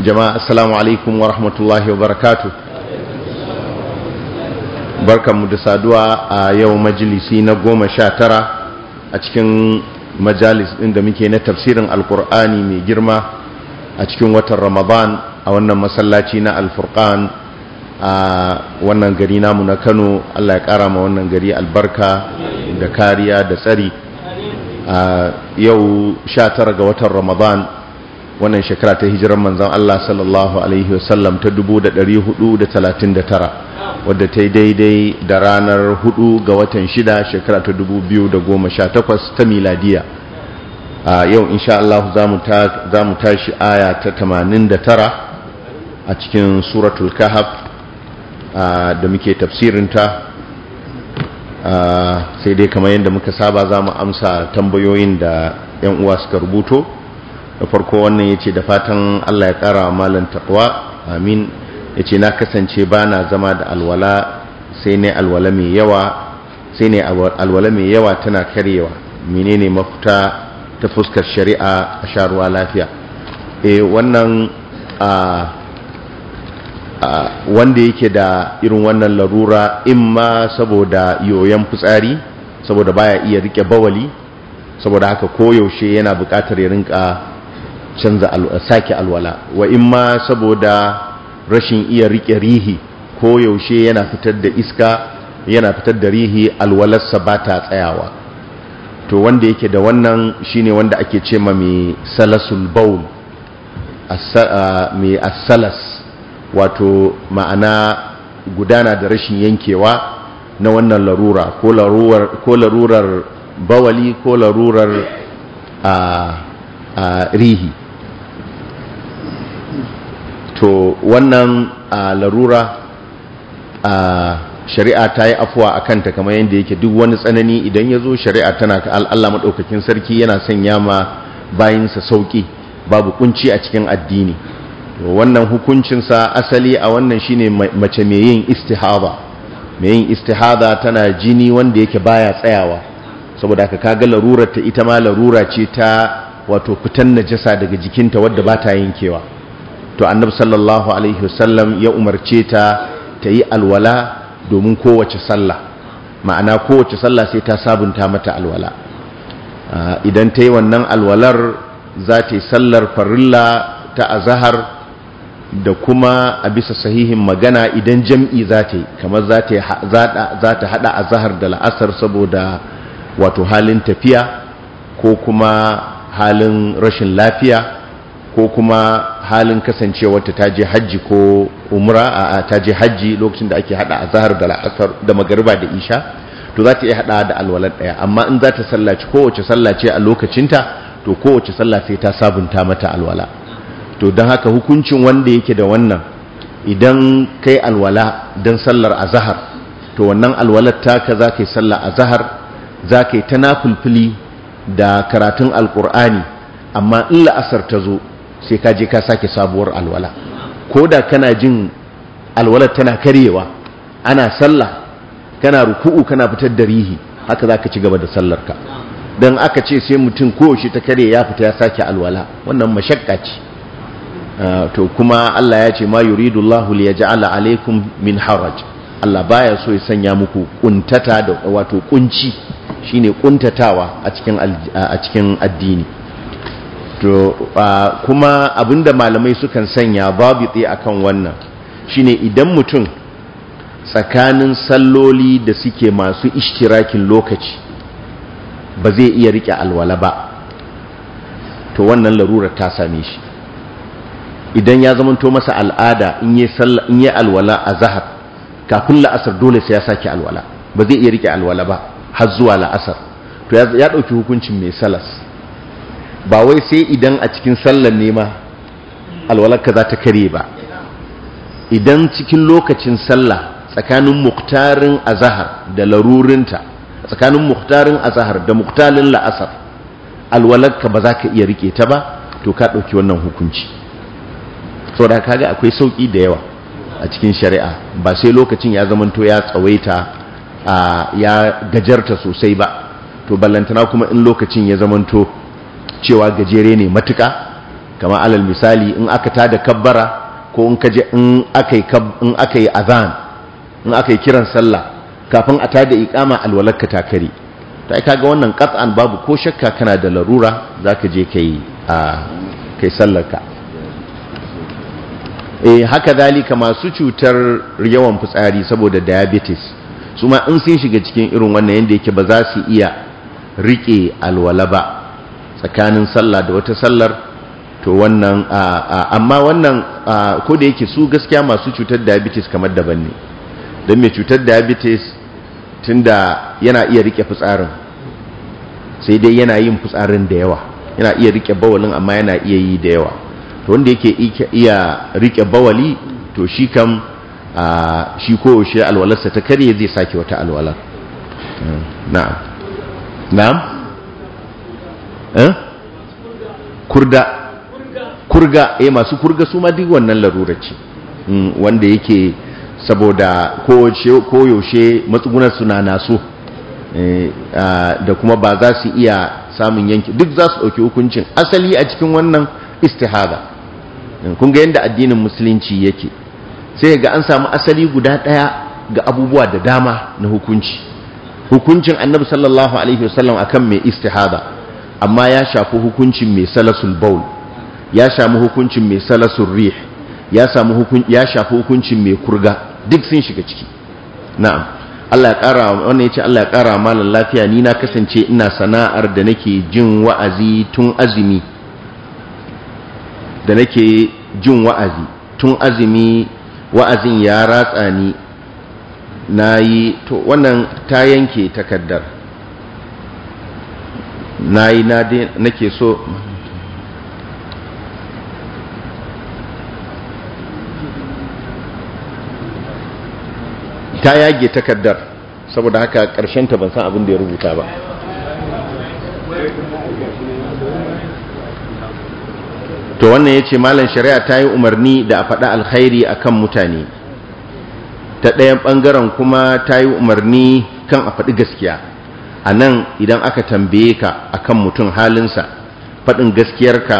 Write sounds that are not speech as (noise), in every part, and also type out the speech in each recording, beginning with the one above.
jama'a assalamu alaikum wa rahmatullahi wa barakatu barkanmu da saduwa a yau majalisi na goma sha tara a cikin majalis ɗin da muke na tafsirin alkur'ani mai girma a cikin watan ramadan a wannan masallaci na alfurkan a wannan gari namu na kano allah ya ƙara ma wannan gari albarka da kariya da tsari a yau sha tara ga watan ramadan wannan shekara ta hijiran manzan Allah sallallahu alaihi wasallam ta 439 wadda ta yi daidai da ranar 4 ga watan shida shekara ta dubu biyu da goma sha takwas ta miladiya a yau insha Allah za mu tashi aya ta tamanin da tara a cikin suratul kahab da muke tafsirinta sai dai kamar yadda muka saba za mu amsa tambayoyin da 'yan uwa suka rubuto da farko wannan ya ce da fatan Allah ya ƙara wa malin taɓwa amin ya ce na kasance ba na zama da alwala sai ne alwala mai yawa sai ne alwala mai yawa tana karyewa ne mafita ta fuskar shari'a a sharuwa lafiya e wannan a wanda yake da irin wannan larura in ma saboda yoyon fitsari saboda baya iya rike bawali saboda haka koyaushe yana bukatar ya rinka canza sake alwala wa in ma saboda rashin iya rike rihi ko yaushe yana fitar da iska yana fitar da rihi alwalarsa ba ta tsayawa to wanda yake da wannan shine wanda ake ce ma mai salasul baul mai asalas wato ma'ana gudana da rashin yankewa na wannan larura ko larurar bawali ko larurar rihi to wannan larura shari'a ta yi afuwa a kanta kamar yadda yake duk wani tsanani idan ya zo shari'a tana ka al'allah maɗaukakin sarki yana sanya ma bayinsa sauƙi babu kunci a cikin addini wannan hukuncinsa asali a wannan shine mace mai yin istihada mai yin istihada tana jini wanda yake baya tsayawa saboda ka kaga larurar ta ita ma larura ce ta wato fitan najasa daga jikinta wadda ba ta yankewa to annabi sallallahu alaihi wasallam ya umarce ta ta yi alwala domin kowace sallah ma'ana kowace sallah sai ta sabunta mata alwala idan ta yi wannan alwalar za ta yi sallar farilla ta azahar da kuma a bisa sahihin magana idan jam'i za ta yi kamar za ta hada azahar da la'asar saboda wato halin tafiya ko kuma halin rashin lafiya ko kuma halin kasancewarta ta je hajji ko umra a taje hajji lokacin da ake hada zahar da la'asar da magariba da isha to za ta iya hada da alwalar daya amma in za ta sallaci kowace sallace a lokacinta to kowace sallah sai ta sabunta mata alwala to don haka hukuncin wanda yake da wannan idan kai alwala don sallar zahar to wannan alwalar taka za ka yi sallar zahar za ka yi ta da karatun alkur'ani amma in la'asar ta zo sai ka je ka sake sabuwar alwala ko da kana jin alwalar tana karyewa ana sallah kana ruku'u kana fitar da rihi haka za ka ci gaba da sallarka don aka ce sai mutum kowace ta kare ya fita ya sake alwala wannan mashakka ce ah, to kuma Allah ya ce ma yuridu Allahu li yaj'ala alaikum min haraj Allah baya so ya sanya muku kuntata da wato kunci shine kuntatawa a cikin a cikin addini to kuma abinda malamai sukan sanya babu a akan wannan shine idan mutum tsakanin salloli da suke masu ishtirakin lokaci ba zai iya rike alwala ba to wannan larurar ta same shi idan ya zamanto masa al'ada in yi alwala a zahar kafin la'asar dole sai ya sake alwala ba zai iya rike alwala ba har zuwa la'asar to ya ɗauki hukuncin mai salas ba wai sai idan a cikin sallar nema alwalarka za ta kare ba idan cikin lokacin sallah tsakanin muktarin azahar da larurinta tsakanin muktarin azahar da muktalin la'asar alwalarka ba za ka iya rike ta ba to ka ɗauki wannan hukunci Sau da kaga akwai sauƙi da yawa a cikin shari'a ba sai lokacin ya zamanto ya tsawaita ya gajarta sosai ba to ballantana kuma in lokacin ya zamanto cewa gajere ne matuka kama alal misali in aka tada kabbara ko in kaje in aka yi in aka azan in aka yi kiran sallah kafin a tada iqama alwalaka ta to ai kaga wannan qat'an babu ko shakka kana da larura zaka je kai a kai sallarka eh haka ka masu cutar yawan fitsari saboda diabetes su ma in sun shiga cikin irin wannan yanda yake ba za su iya rike alwala ba tsakanin sallah da wata sallar to wannan amma wannan ko da yake su gaskiya masu cutar diabetes kamar daban ne don mai cutar diabetes tunda yana iya rike fitsarin sai dai yana yin fitsarin da yawa yana iya rike bawalin amma yana iya yi da yawa to wanda yake iya rike bawali to shi kam shi shi alwalarsa ta karye zai sake wata alwalar hmm, na'am na'am Eh? kurda kurga eh masu kurga su ma duk wannan larura ce mm, wanda yake saboda koyaushe matsugunar suna naso eh, da kuma ba za su iya samun yanki duk za su ɗauki hukuncin asali a cikin wannan istihada mm, kun ga yadda addinin musulunci yake sai ga an samu asali guda ɗaya ga abubuwa da dama na hukunci hukuncin annabi sallallahu alaihi wasallam akan mai istihada amma ya shafi hukuncin mai salasul baul ya shafi hukuncin mai salasul rih ya shafi hukuncin mai kurga duk sun shiga ciki na'am Allah ya ƙara wannan yace Allah ya ƙara malan lafiya ni na kasance ina sana'ar da nake jin wa'azi tun azumi da nake jin wa'azi tun azumi wa'azin ya ratsa ni na yi to wannan ta yanke takaddar na yi na nake so ta yage takardar saboda haka karshen ta ban san abin da ya rubuta ba to wannan ya ce malam shari'a ta yi umarni da a faɗa alkhairi a kan mutane ta ɗayan ɓangaren kuma ta yi umarni kan a faɗi gaskiya a nan idan aka tambaye ka akan mutum halinsa faɗin gaskiyarka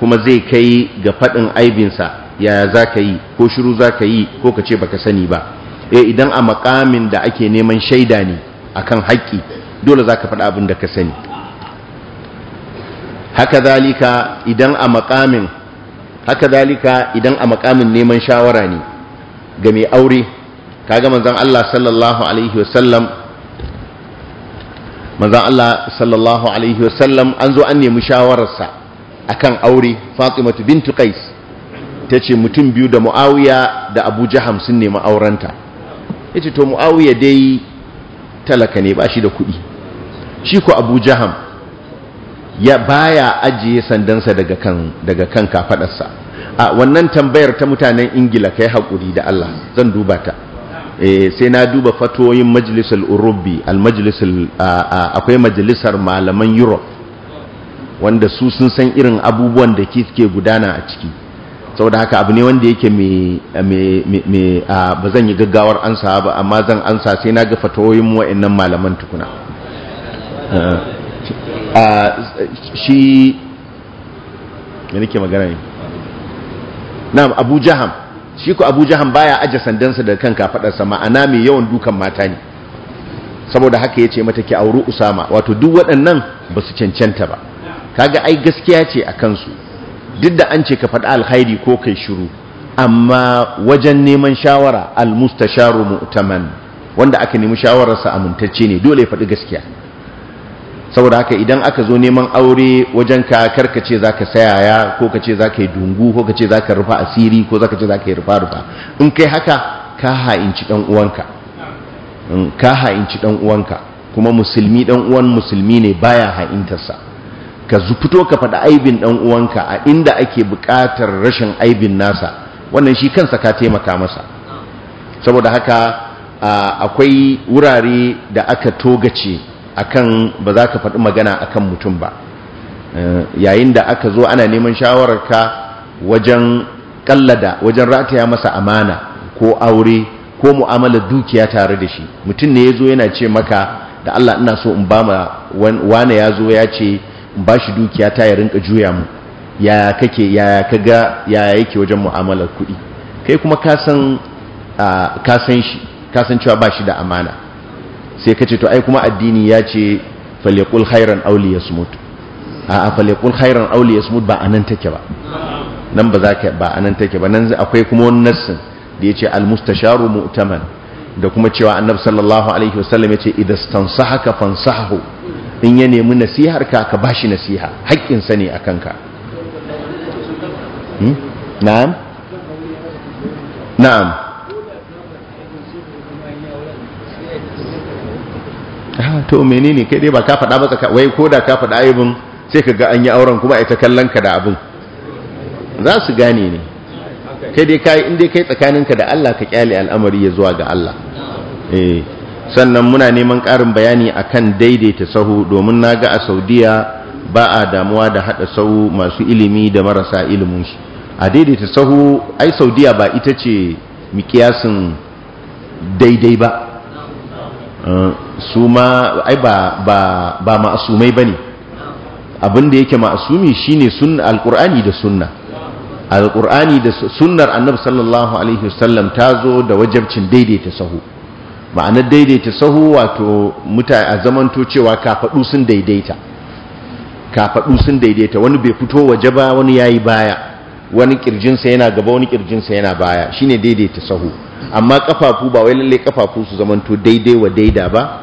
kuma zai kai ga faɗin aibinsa yaya za ka yi ko shiru za ka yi ko ka ce baka sani ba e idan a makamin da ake neman shaida ne akan haƙƙi dole za ka faɗa abin da ka sani haka zalika idan a makamin neman shawara ne ga mai aure ka ga manzon Allah sallallahu alaihi wasallam Maza Allah sallallahu alaihi wasallam an zo an nemi shawararsa a kan aure Fatimatu bintu Qais ce mutum biyu da Muawiya da Abu Jaham sun nemi aurenta ce to Muawiya dai talaka ne ba shi da kuɗi shi ko Abu Jaham ya baya ajiye sandansa daga kan daga kan kafadarsa a wannan tambayar ta mutanen Ingila kai haƙuri da Allah zan duba ta Eh, sai na duba fatoyin majalisar urubi akwai majalisar malaman europe wanda su sun san irin abubuwan da ke gudana a ciki saboda haka abu ne wanda yake ba zan yi gaggawar ansa ba amma zan ansa sai na ga fatoyin wa'annan malaman tukuna shi ne ke magana ne na abu jaham shi ku abu jahan baya aje sandansa da kan fadarsa ma'ana mai yawan dukan mata ne saboda haka ya ce mata ki auri usama wato duk waɗannan ba su cancanta ba kaga ai gaskiya ce a kansu duk da an ce ka faɗi alkhairi ko kai shiru amma wajen neman shawara mustasharu mu'taman wanda aka nemi shawararsa amintacce ne dole ya faɗi gaskiya saboda haka idan aka zo neman aure wajen ka ce za ka sayaya ko ka ce za ka yi dungu ko ka ce za ka rufa asiri ko za ka ce za ka yi rufa rufa in kai haka ka ha'inci ɗan mm, ka ha'inci ɗan uwanka kuma musulmi ɗan uwan musulmi ne baya ha'intarsa ka fito ka faɗi aibin ɗan uwanka a inda ake buƙatar rashin aibin nasa wannan shi kansa ka taimaka masa saboda haka akwai wurare da aka togace akan ba za ka faɗi magana akan mutum ba eh, yayin da aka zo ana neman shawarar shawararka wajen kallada wajen rataya masa amana ko aure ko mu'amalar dukiya tare da shi mutum ne ya zo yana ce maka da Allah ina so in ba ma wane ya zo ya ce in ba shi dukiya ta ya rinka juya mu yaya kake yaya kaga yaya yake wajen mu'amalar kuɗi kai kuma ka ah, shi ka cewa ba shi da amana sai ka ce to ai kuma addini ya ce falekul khairan auli yasmut a a falekul khairan auli yasmut ba anan take ba nan ba za ka ba anan take ba nan akwai kuma wani nassin da ce al mustasharu mu'taman da kuma cewa annabi sallallahu alaihi wasallam yace haka fansahu in ya nemi nasihar ka ka bashi nasiha haƙƙin sa ne akan ka hmm? na'am na'am Ah, to menene kai dai ba ka faɗa ba tsaka wai ko da ka faɗa aibin sai ka ga an yi auren kuma ai ta kallon ka da abin za su gane ne kai dai kai in dai kai tsakaninka da Allah ka kyale al'amari ya zuwa ga Allah eh sannan muna neman ƙarin bayani akan daidaita sahu domin naga a Saudiya ba a damuwa da hada sahu masu ilimi da marasa ilimin shi. a daidaita sahu ai Saudiya ba ita ce mikiyasin daidai ba eh, Suma, ma ai ba ba ba ma'asumai bane abin da yake ma'asumi shine sunna alqur'ani da sunna alqur'ani da sunnar annabi sallallahu alaihi wasallam ta zo da wajabcin daidaita sahu ma'anar daidaita sahu wato mutane a zamanto cewa fadu sun daidaita fadu sun daidaita wani bai fito waje ba wani yayi baya wani sa yana gaba wani kirjinsa yana baya shine daidaita sahu amma kafafu ba wai lalle kafafu su zamanto daidai wa daida ba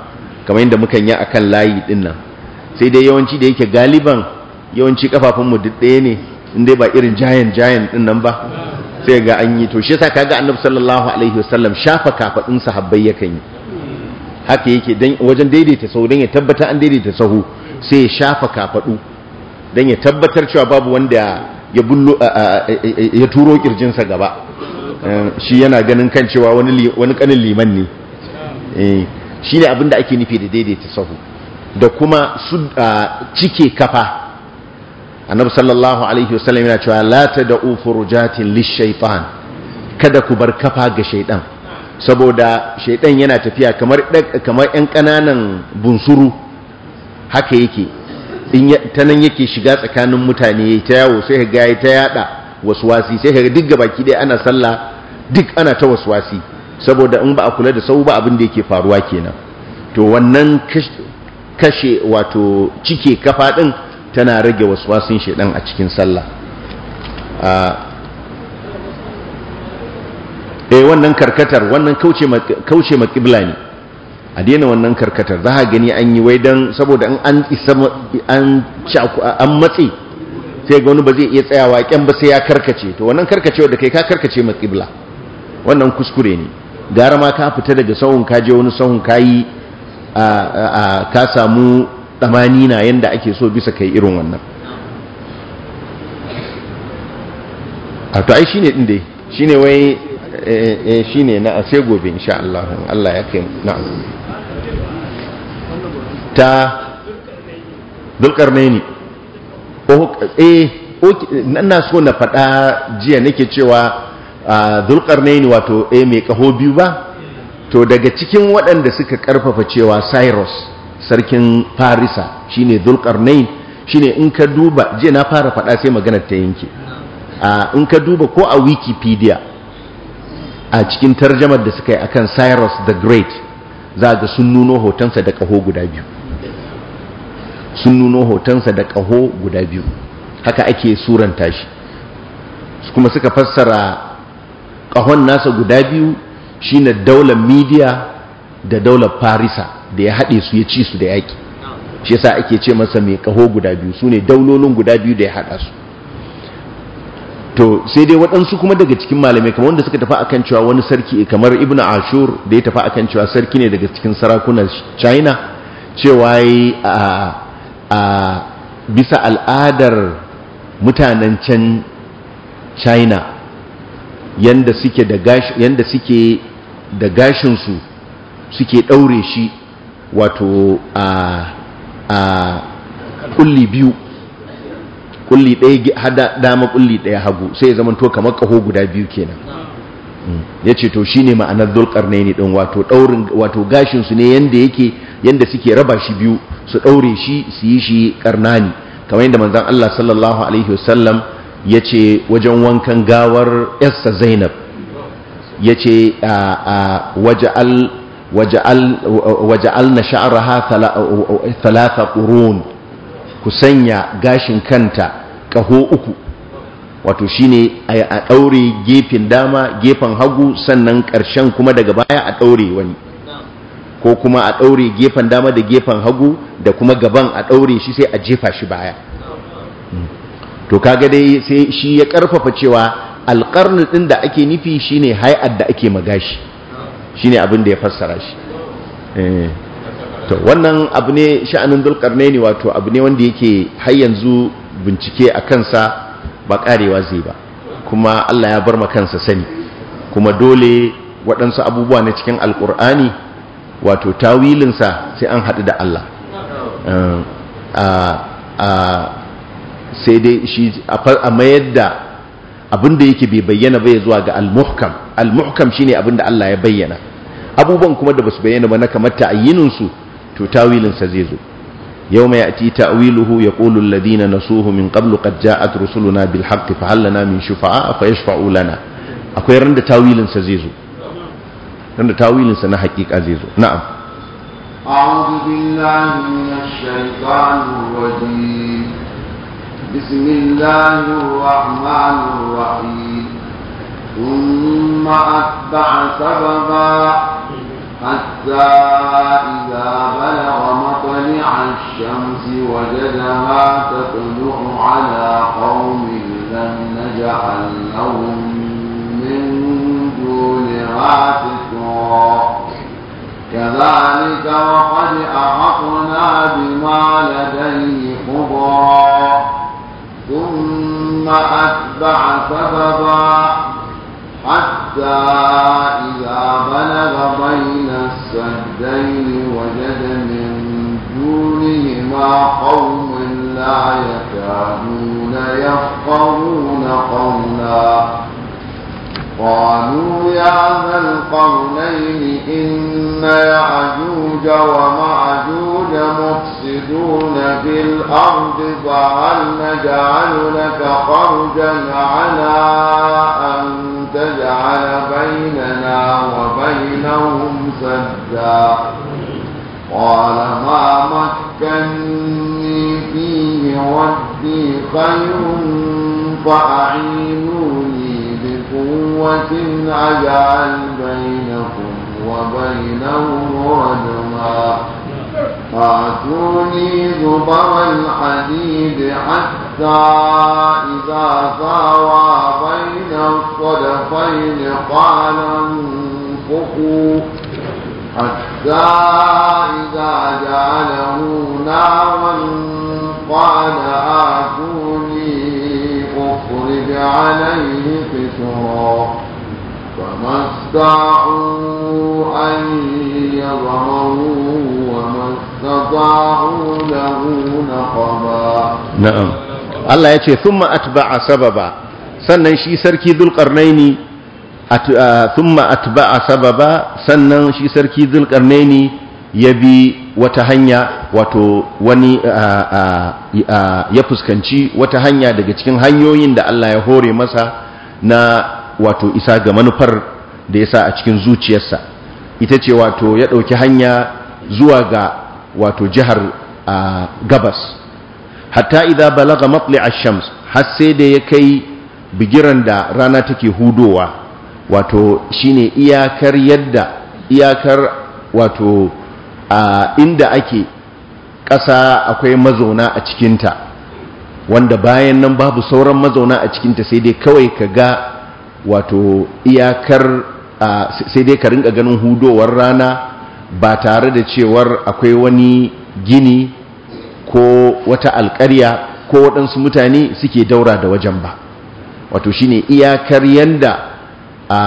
kamar yadda muka yi a kan layi din nan sai dai yawanci da yake galiban yawanci kafafun mu duk ɗaya ne in ba irin jayan jayan din nan ba sai ga an yi to shi yasa kaga annabi sallallahu alaihi wasallam shafa kafadin sahabbai yakan yi haka yake dan wajen daidaita sahu dan ya tabbata an daidaita sahu sai ya shafa kafadu dan ya tabbatar cewa babu wanda ya bullo ya turo gaba eh, shi yana ganin kan cewa wani kanin liman ne eh, shine abin da ake nufi da daidaita sahu da kuma su cike kafa annabi sallallahu alaihi wasallam yana cewa la tad'u furujatin lishaifan kada ku bar kafa ga shaiɗan. saboda shaiɗan yana tafiya kamar yan kananan bunsuru haka yake ta nan yake shiga tsakanin mutane ta yawo sai ga ya ta yada waswasi sai ga duk gabaki ɗaya ana sallah duk ana ta wasuwasi saboda in ba a kula da sau ba abin da yake faruwa kenan to wannan kashe wato cike kafa din tana rage waswasin shedan a cikin sallah eh wannan karkatar wannan kauce kauce ma kibla ne a daina wannan karkatar za a gani an yi wai don saboda an isa an an matse sai ga wani ba zai iya tsayawa kyan ba sai ya karkace to wannan karkacewa da kai ka karkace ma kibla wannan kuskure ne gara ma ka fita daga sahun ka je wani sahun ka yi ka samu damani na yadda ake so bisa kai irin wannan a to ai shi ne ɗin dai shi ne wai eh, eh, eh, shi ne na ase gobe insha Allah Allah ya kai na'am ta Ok. eh na so na faɗa jiya nake cewa zulƙarnaini wato eh mai ƙaho biyu ba to daga cikin waɗanda suka ƙarfafa cewa cyrus sarkin farisa shine zulƙarnain shine in ka duba jiya na fara faɗa sai maganar ta yanke in ka duba ko a wikipedia a cikin tarjamar da suka yi akan cyrus the great za ga sun nuno hotonsa da ƙaho guda biyu sun nuno hotonsa da ƙaho guda biyu haka ake suranta shi kuma suka fassara ƙahon nasa guda biyu shi shine daular midiya da daular farisa da ya haɗe su ya ci su da yaƙi shi yasa ake ce masa mai ƙaho guda biyu su ne daulolin guda biyu da ya haɗa su to sai dai waɗansu kuma daga cikin malamai kamar wanda suka tafi kan cewa wani sarki kamar Ibn ashur da ya tafi kan cewa sarki ne daga cikin sarakunan china cewa a bisa al'adar mutanen can china yanda suke da gash yanda suke da gashin su suke daure shi wato a a biyu kulli ɗaya hada dama kulli ɗaya hagu sai ya zama to kamar kaho guda biyu kenan mm. ya ce to shine ma'anar dulkarnaini din wato daurin wato gashin su ne yanda suke raba shi biyu su ɗaure shi su yi shi karnani kamar yadda manzon Allah sallallahu alaihi wasallam ya ce wajen wankan gawar yarsa zainab ya ce a al na ha talata ƙurun ku sanya gashin kanta ƙaho uku wato shine a ɗaure gefen dama gefen hagu sannan ƙarshen kuma daga baya a ɗaure wani ko kuma a ɗaure gefen dama da gefen hagu da kuma gaban a ɗaure shi sai a jefa shi baya hmm. to kaga dai sai shi ya karfafa cewa alqarnu din da ake nufi shine hay'at da ake magashi shine abin da ya fassara shi eh, to wannan abu ne sha'anin dulqarnaini wato abu ne wanda yake har yanzu bincike a kansa ba karewa zai ba kuma Allah ya bar ma kansa sani kuma dole waɗansu abubuwa na cikin Alƙur'ani wato tawilinsa sai an haɗu da Allah eh, sai dai shi a mayar da abin da yake bai bayyana bai zuwa ga al-muhkam al-muhkam shine abin da Allah ya bayyana abubuwan kuma da basu bayyana ba na kamar ta'ayyinin su to tawilinsa zai zo yawma ya'ti ta'wiluhu yaqulu alladhina nasuhu min qablu qad ja'at rusuluna bil haqqi fa hal lana min shufa'a fa yashfa'u lana akwai randa tawilin sa zai zo randa tawilin sa na hakika zai zo na'am بسم الله الرحمن الرحيم ثم أتبع سببا حتى إذا بلغ مطلع الشمس وجدها تطلع على قوم لم نجعل لهم من دونها سترا كذلك وقد أحطنا بما لديه خبرا ثم أتبع سببا حتى إذا بلغ بين السدين وجد من دونهما قوم لا يكادون يفقهون قولا قالوا يا ذا القرنين إن يعجوج ومعجوج إنكم مفسدون في الأرض فهل نجعل لك خرجا على أن تجعل بيننا وبينهم سدا قال ما مكني فيه ودي خير فأعينوني بقوة أجعل بينكم وبينهم رجما فأتوني زبر الحديد حتى إذا ساوى بين الصدفين قال انفقوا حتى إذا جعله نارا قال آتوني أخرج عليه قسرا فما استطاعوا أن يظهروه استطاعوا Allah نقبا sun الله ba a sababa sannan shi sarki ne zulkarnaini thumma a sababa sannan shi sarki ne ya bi wata hanya wato wani ya fuskanci wata hanya daga cikin hanyoyin da Allah ya hore masa na wato isa ga manufar da ya sa a cikin zuciyarsa ita ce wato ya ɗauki hanya zuwa ga wato jihar gabas hatta idza balaga matli' ash-shams har sai da ya kai bigiran da rana take hudowa wato shine iyakar yadda iyakar wato inda ake ƙasa akwai mazauna a cikinta wanda bayan nan babu sauran mazauna a cikinta sai dai kawai ka ga wato iyakar sai dai ka rinka ganin hudowar rana ba tare da cewar akwai wani gini ko wata alkarya ko waɗansu mutane suke daura da wajen ba wato shine iyakar yanda a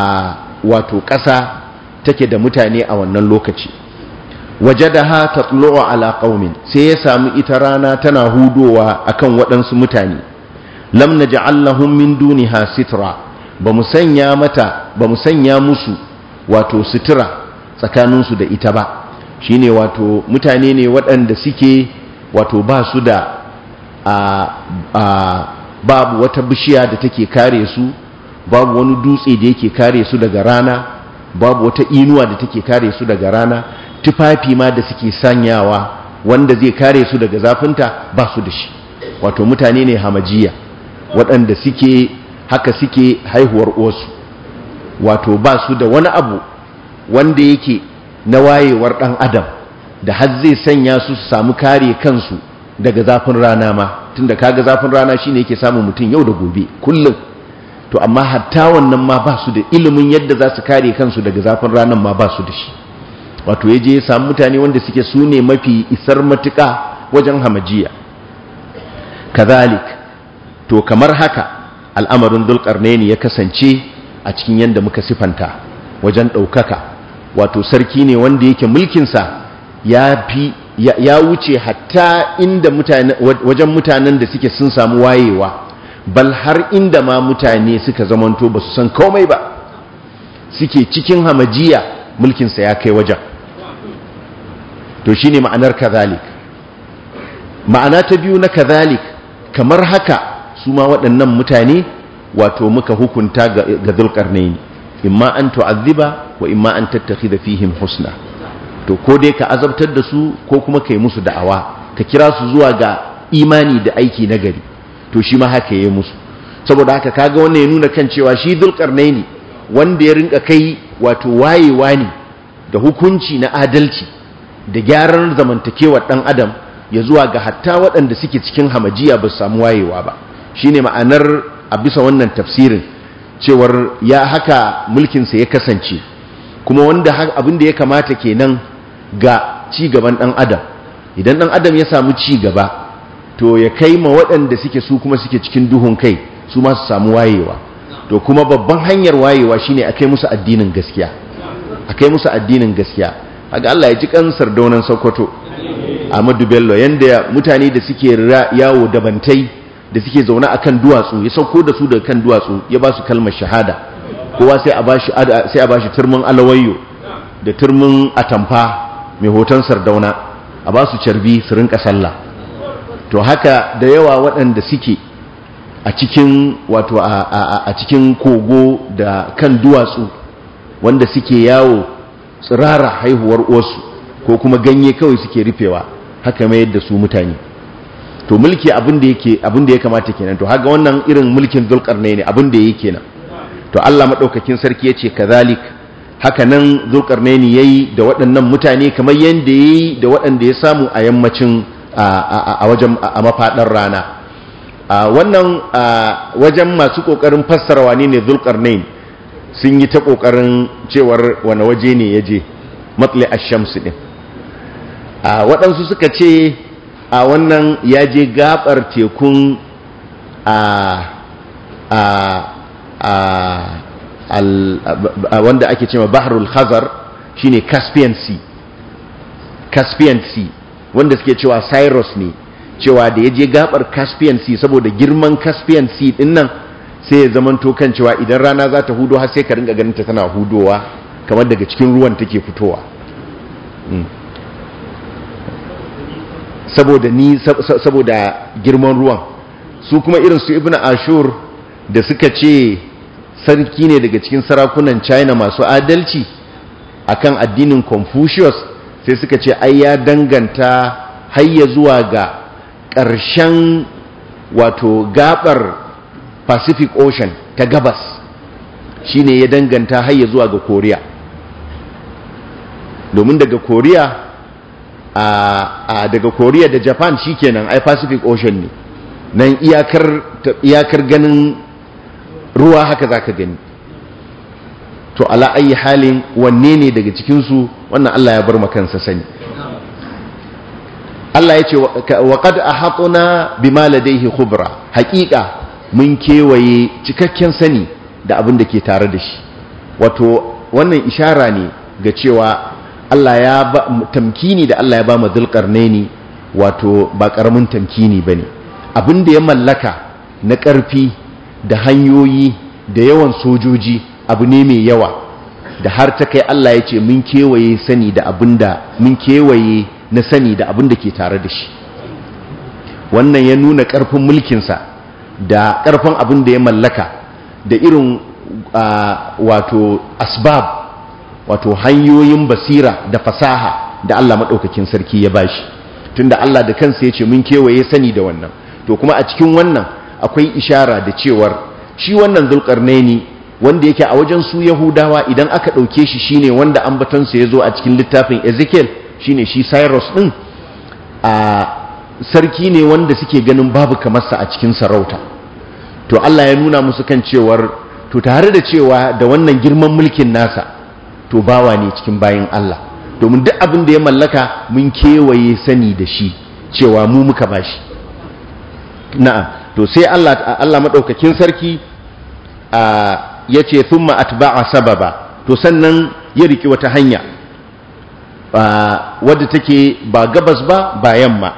wato ƙasa take da mutane a wannan lokaci Waje da ha ta ala qaumin sai ya samu ita rana tana hudowa a kan waɗansu mutane lam naj'al Allahun min duniha sitra ba sanya bamu sanya musu wato sitira tsakaninsu da ita ba shi ne wato mutane ne waɗanda suke wato ba su da babu wata bishiya da take kare su babu wani dutse da yake kare su daga rana babu wata inuwa da take kare su daga rana tufafi ma da suke sanyawa wanda zai kare su daga zafinta ba su da shi wato mutane ne hamajiya waɗanda suke haka suke haihuwar osu wato ba su da wani abu wanda yake na wayewar ɗan adam da har zai sanya su su samu kare kansu daga zafin rana ma tunda kaga zafin rana shine yake samun mutum yau da gobe kullum to amma hatta wannan ma ba su da ilimin yadda za su kare kansu daga zafin ranan ma ba su da shi wato ya je ya samu mutane wanda suke su ne mafi isar matuka wajen hamajiya kazalik to kamar haka al'amarin ne ya kasance a cikin yadda muka sifanta wajen ɗaukaka wato sarki ne wanda yake mulkinsa ya fi ya wuce hatta inda mutane wajen mutanen da suke sun samu wayewa bal har inda ma mutane suka zamanto ba su san komai ba suke cikin hamajiya mulkinsa ya kai wajen to shi ne ma'anar kazalik ma'ana ta biyu na kazalik kamar haka su ma waɗannan mutane wato muka hukunta ga zulƙarnaini In ma an tu'azziba wa in ma an tattakhidha fihim husna to ko dai ka azabtar da su ko kuma kai musu da'awa ka kira su zuwa ga imani da aiki nagari to shi ma haka yayi musu saboda haka kaga wannan ya nuna kan cewa shi ne wanda ya rinka kai wato wayewa ne da hukunci na adalci da gyaran zamantakewar dan adam ya zuwa ga hatta waɗanda suke cikin hamajiya ba su samu wayewa ba shine ma'anar a bisa wannan tafsirin cewar ya haka mulkinsa ya kasance kuma wanda abin da ya kamata kenan ga ci gaban ɗan adam idan ɗan adam ya samu ci gaba to ya kai ma waɗanda suke su kuma suke cikin duhun kai su ma su samu wayewa to kuma babban hanyar wayewa shine a kai musu addinin gaskiya a kai musu addinin gaskiya haka Allah ya ji kansar daunan Sokoto Ahmadu Bello yanda mutane da suke yawo dabantai da suke zaune kan duwatsu ya sauko da su daga kan duwatsu ya ba su kalmar shahada kowa sai a ba shi turmin alawayyo da turmin atamfa mai hoton sardauna a ba su carbi su rinka sallah to haka da yawa waɗanda suke a cikin wato a cikin kogo da kan duwatsu wanda suke yawo tsirara haihuwar osu ko kuma ganye kawai suke rufewa haka mayar da su mutane to mulki abin da yake abin da ya kamata kenan to haga wannan irin mulkin zulkarnain ne abin da yake kenan to Allah madaukakin sarki yace kazalik haka nan zulkarnain yayi da waɗannan mutane kamar yanda yayi da waɗanda ya samu a yammacin a wajen a mafadar rana wannan wajen masu kokarin fassara wane ne ne sun yi ta kokarin cewar wani waje ne yaje matli ash-shams din waɗansu suka ce a wannan ya je gabar tekun a a a wanda ake cewa bahrul khazar shine caspian sea caspian sea wanda suke cewa cyrus ne cewa da ya je gabar caspian sea saboda girman caspian sea din nan sai ya zamanto kan cewa idan rana za ta hudo har sai ka ringa ganin ta tana hudowa kamar daga cikin ruwan take fitowa hmm. saboda ni saboda girman ruwan su kuma irin su ibnu ashur da suka ce sarki ne daga cikin sarakunan china masu adalci akan addinin confucius sai suka ce ai ya danganta hayya zuwa ga ƙarshen wato gabar pacific ocean ta gabas shine ya danganta hayya zuwa ga koriya domin daga koriya a daga Koriya da Japan kenan, ai Pacific Ocean ne nan iyakar ganin ruwa haka za ka gani to ala ayi halin wanne ne daga cikinsu wannan Allah ya bar makansa sani Allah ya ce wa qad ahatna bima ladayhi khubra haƙiƙa mun kewaye cikakken sani da abin da ke tare da shi wato wannan ishara ne ga cewa Allah ya ba tamkini da Allah ya ba ni wato ba karamin tamkini bane abin da ya mallaka na ƙarfi da hanyoyi da yawan sojoji abu ne mai yawa da har ta kai Allah ya ce mun kewaye sani da abinda mun kewaye na sani da abinda ke tare da shi wannan ya nuna ƙarfin mulkinsa da ƙarfin abin da ya mallaka da irin wato asbab wato hanyoyin basira da fasaha da Allah maɗaukakin sarki ya ba bashi tunda Allah da kansa ya ce mun kewaye sani da wannan to kuma a cikin wannan akwai ishara da cewar shi wannan zulƙarnaini wanda yake a wajen su yahudawa idan aka ɗauke shi shine wanda ambatonsa ya zo a cikin littafin ezekiel shine shi cyrus ɗin a sarki ne wanda suke ganin babu kamarsa a cikin sarauta to Allah ya nuna musu kan cewar to tare da cewa da wannan girman mulkin nasa to bawa ne cikin bayan Allah domin duk abin da ya mallaka mun kewaye sani da shi cewa mu muka bashi na'am to sai Allah Allah madaukakin sarki a yace thumma atba'a sababa to sannan ya riki wata hanya wadda take ba gabas ba ba yamma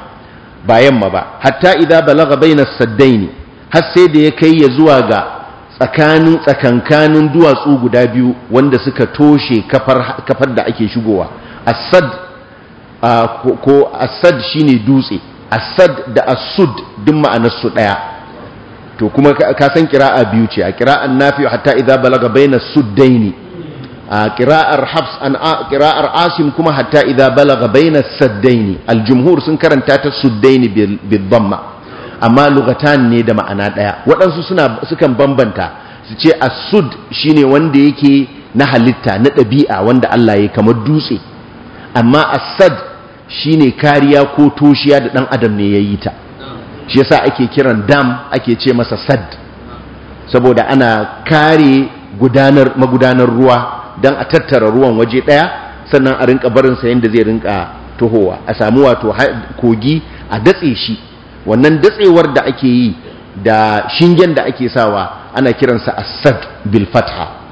ba ma ba hatta idza balagha bainas saddaini har sai da ya kai ya zuwa ga tsakanin tsakankanin duwatsu guda biyu wanda suka toshe kafar da ake shigowa asad ko asad shine dutse asad da asud duk su ɗaya to kuma ka san kira'a biyu ce a kira'an nafi hatta idza balaga baina suddaini a kira'ar hafs an kira'ar asim kuma hatta idza balaga baina saddaini aljumhur sun karanta ta suddaini bil dhamma amma lugatan ne da ma'ana ɗaya waɗansu suna sukan bambanta su ce asud shine wanda yake na halitta na ɗabi'a wanda Allah ya kamar dutse amma asad shine kariya ko toshiya da ɗan adam ne ya yi ta shi yasa ake kiran dam ake ce masa sad saboda ana kare gudanar magudanar ruwa don a tattara ruwan waje ɗaya sannan a rinka barinsa yadda zai rinka tohowa a samu wato kogi a datse shi wannan datsewar da ake yi da shingen da ake sawa ana kiransa asad bil fatha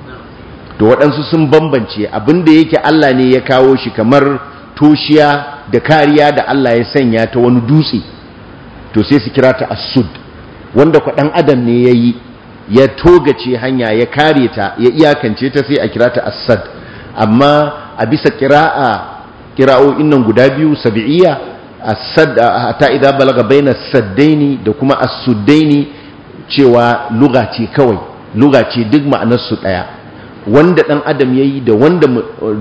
to waɗansu sun bambance abinda yake Allah ne ya kawo shi kamar toshiya da kariya da Allah ya sanya ta wani dutse to sai su kira ta asud wanda kwaɗan adam ne ya yi ya togace hanya ya kare ta ya iyakance ta sai a kira ta asad amma a bisa kira'a kira'o'in nan guda biyu sabi'iyya ta idan balaga baina saddaini da kuma as-suddaini cewa lugaci kawai Lugaci duk ma'anar su daya wanda dan adam yayi da wanda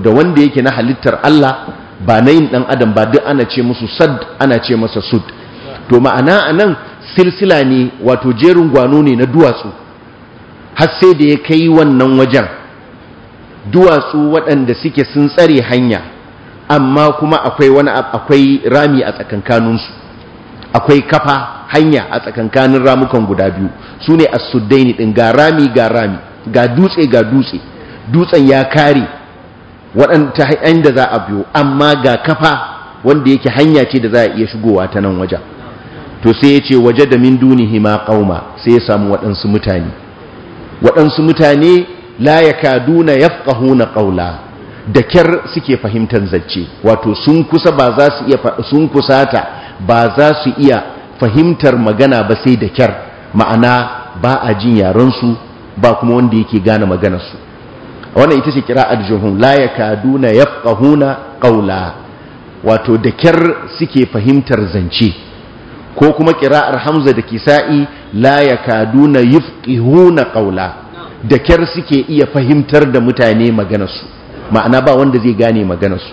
da wanda yake na halittar Allah ba na yin dan adam ba duk ana ce musu sad ana ce masa sud to ma'ana anan silsila ne wato jerin gwano ne na duwatsu har sai da ya kai wannan wajen duwatsu waɗanda suke sun tsare hanya amma kuma akwai wani akwai rami a tsakankaninsu akwai kafa hanya a tsakankanin ramukan guda biyu su ne asuddaini ɗin ga rami ga rami ga dutse ga dutse dutsen ya kare waɗanta hanyar da za a biyo amma ga kafa wanda yake hanya ce da za a iya shigowa ta nan waje to sai ya ce waje da min dunihi ma ƙauma sai ya samu waɗansu mutane waɗansu mutane la ya kaduna ya ƙahuna ƙaula da kyar suke fahimtar zance wato sun kusa ba za su iya sun kusata ba za su iya fahimtar magana ba sai da kyar ma'ana ba a jin yarensu ba kuma wanda yake gane maganarsu wannan ita ce kira'ar juhun la yakaduna yafqahuna qawla wato da kyar suke fahimtar zance ko kuma kira'ar hamza da kisa'i la yakaduna yafqihuna qawla da kyar suke iya fahimtar da mutane maganarsu ma'ana ba wanda zai gane maganarsu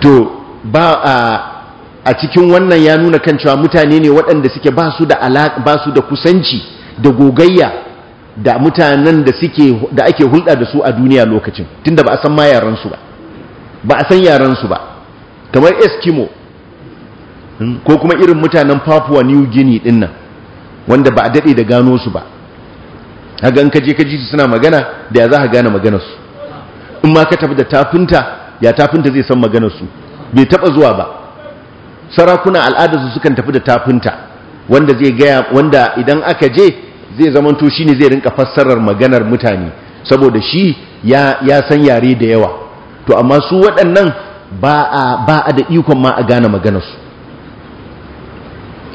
to ba a cikin wannan ya nuna kan cewa mutane ne waɗanda suke ba su da ba da kusanci da gogayya da mutanen da suke da ake hulɗa da su a duniya lokacin tunda ba a san ma yarensu su ba ba a san yarensu ba kamar eskimo hmm, ko kuma irin mutanen papua new guinea din wanda ba a daɗe da gano su ba haka in ka je ka suna magana da ya za a gane maganarsu in ma ka tafi da tafinta ya tafinta zai san maganarsu bai taba zuwa ba sarakuna al'adarsu sukan tafi da tafinta wanda zai gaya wanda idan aka je zai zamanto ne zai rinka fassarar maganar mutane saboda shi ya san yare da yawa to amma su waɗannan ba a da ikon ma a gane maganarsu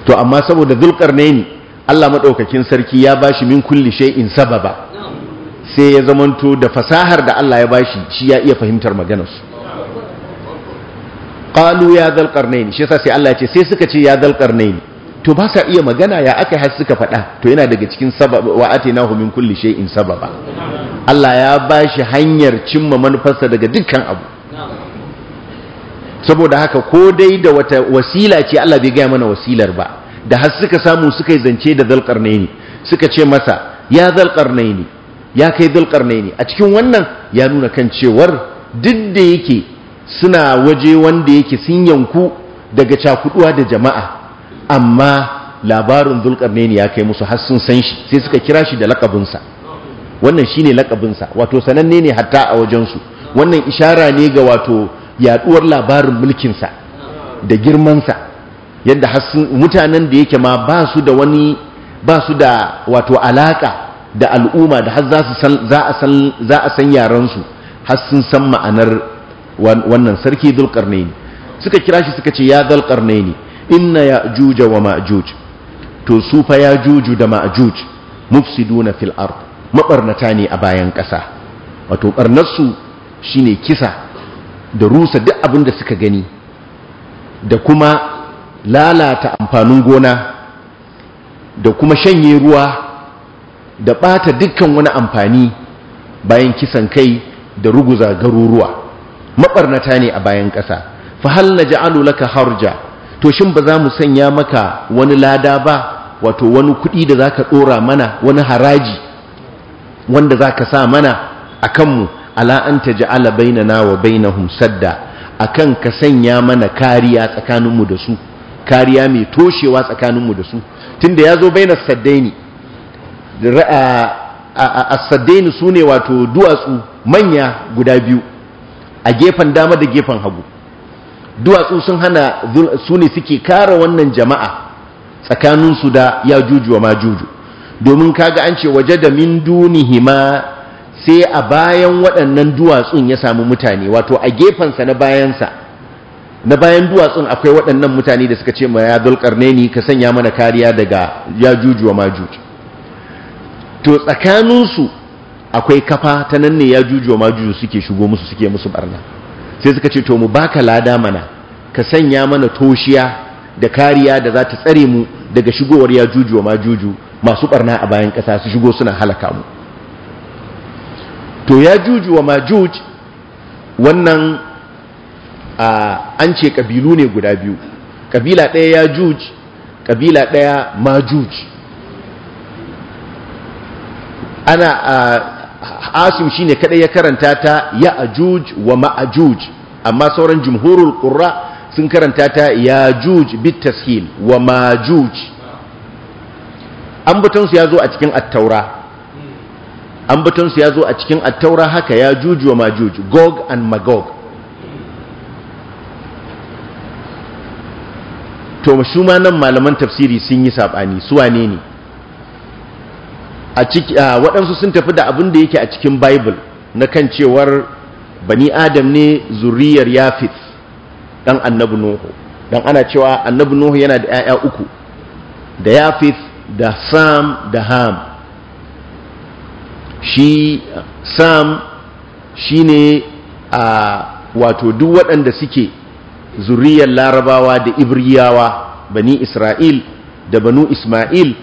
to amma saboda ne Allah maɗaukakin sarki ya bashi min kulli in sababa sai ya zamanto da fasahar da Allah ya ba shi shi ya iya fahimtar maganarsu Ƙalu ya zal qarnain shi yasa sai Allah ya ce sai suka ce ya zalƙar na yi to ba sa iya magana ya aka har suka faɗa to yana daga cikin sababa wa atainahu min kulli in sababa Allah ya bashi hanyar cimma manufarsa daga dukkan abu saboda haka ko dai da wata wasila ce Allah bai gaya mana wasilar ba da har suka samu suka yi zance da zalqarnaini suka ce masa ya zalƙarnaini ya kai zalqarnaini a cikin wannan ya nuna kan cewar duk da yake suna waje wanda yake sun yanku daga cakuduwa da jama'a amma labarin zulkarnaini ya kai musu har sun san shi sai suka kira shi da lakabinsa wannan shi ne lakabinsa wato sananne ne hatta a wajensu wannan ishara ne ga wato yaɗuwar labarin mulkinsa da girmansa yadda mutanen da yake ma ba su da wani ba su da wato alaka da al'umma da har za a san yaransu har sun san ma'anar wannan sarki ne suka kira shi suka ce ya ne inna juja wa Ma'ajuj, to su fa ya juju da ma'juj mufsiduna fil ard mabarnata ne a bayan ƙasa wato barnarsu shine kisa da rusa duk abin da suka gani da kuma lalata amfanin gona da kuma shanye ruwa da ɓata dukkan wani amfani bayan kisan kai da ruguza garuruwa maɓarnata ne a bayan ƙasa fa hal naj'alu laka harja to shin ba za mu sanya maka wani lada ba wato wani kuɗi da zaka ɗora mana wani haraji wanda zaka sa mana akan mu ala an taj'ala bainana wa bainahum sadda akan ka sanya mana kariya tsakaninmu da su kariya mai toshewa tsakaninmu da su tunda ya zo bai na saddaini a saddaini su ne wato duwatsu manya guda biyu a gefen dama da gefen hagu duwatsu sun hana su ne suke kara wannan jama'a tsakaninsu da ya juju wa ma domin kaga an ce waje da min dunihima sai a bayan waɗannan duwatsun ya samu mutane wato a gefensa na bayansa na bayan duwatsun akwai waɗannan mutane da suka ce ma ya ni ka sanya mana kariya daga ya juju wa majuj to tsakaninsu akwai kafa ta nan ne ya juju wa majuju suke shigo musu suke musu barna sai suka ce to mu baka lada mana ka sanya mana toshiya da kariya da za ta tsare mu daga shigowar ya juju wa majuju masu barna a bayan ƙasa su shigo suna halaka mu to ya juju wa majuj wannan an ce ƙabilu ne guda biyu Kabila ɗaya ya juj ƙabila ɗaya ma juj ana asim shi ne kaɗai ya karanta ta ya ajuj wa ma ma'ajuj amma sauran jimhurul ƙura sun karanta ta ya juj skin wa ma juj ambatonsu ya zo a cikin attaura ambatonsu ya zo a cikin attaura haka ya juj wa ma juj gog and magog to su ma nan malaman tafsiri sun yi saɓani su wane ne waɗansu sun tafi da abin da yake a cikin bible na kan cewar bani adam ne zuriyar yafis ɗan annabi nuhu don ana cewa annabi nuhu yana da 'ya'ya uku da yafis da sam da ham shi sam shi ne a wato duk waɗanda suke zuriyar larabawa da ibriyawa bani isra'il da banu isma'il